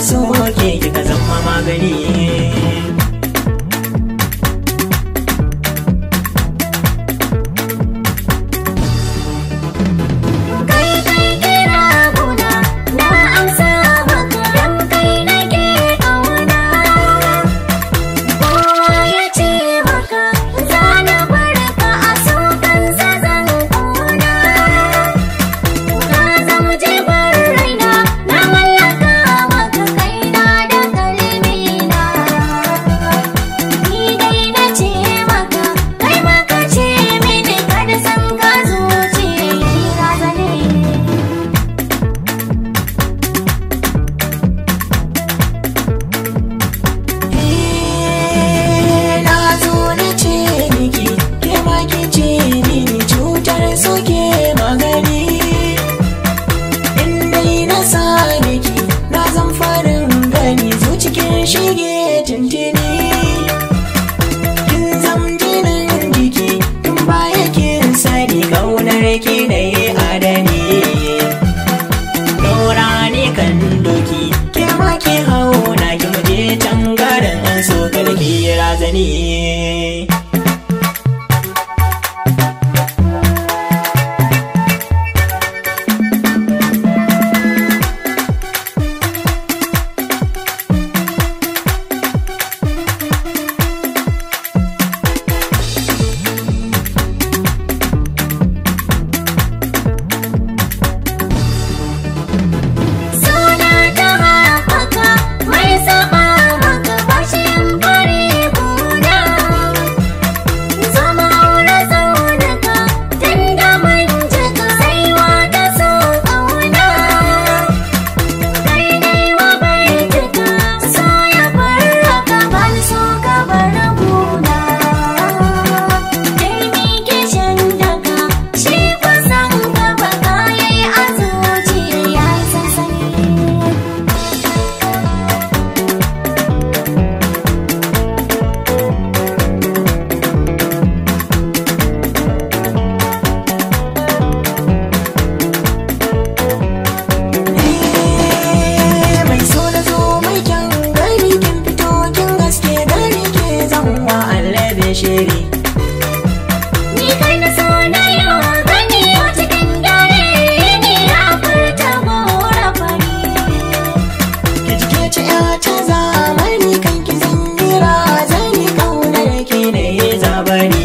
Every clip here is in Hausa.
so ke kika zama magani 주님 cikin shiri ni kai na so na yau gani yau cikin dare ni ya furta mora fari ki jike ce ya ta zamani kan ki zingira zani kaunar ki ne zabari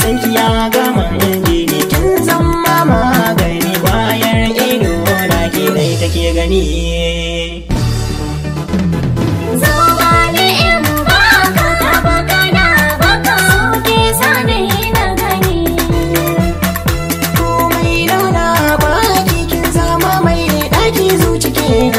san ki ya gama injini kin zama magani bayan ido na ki dai take gani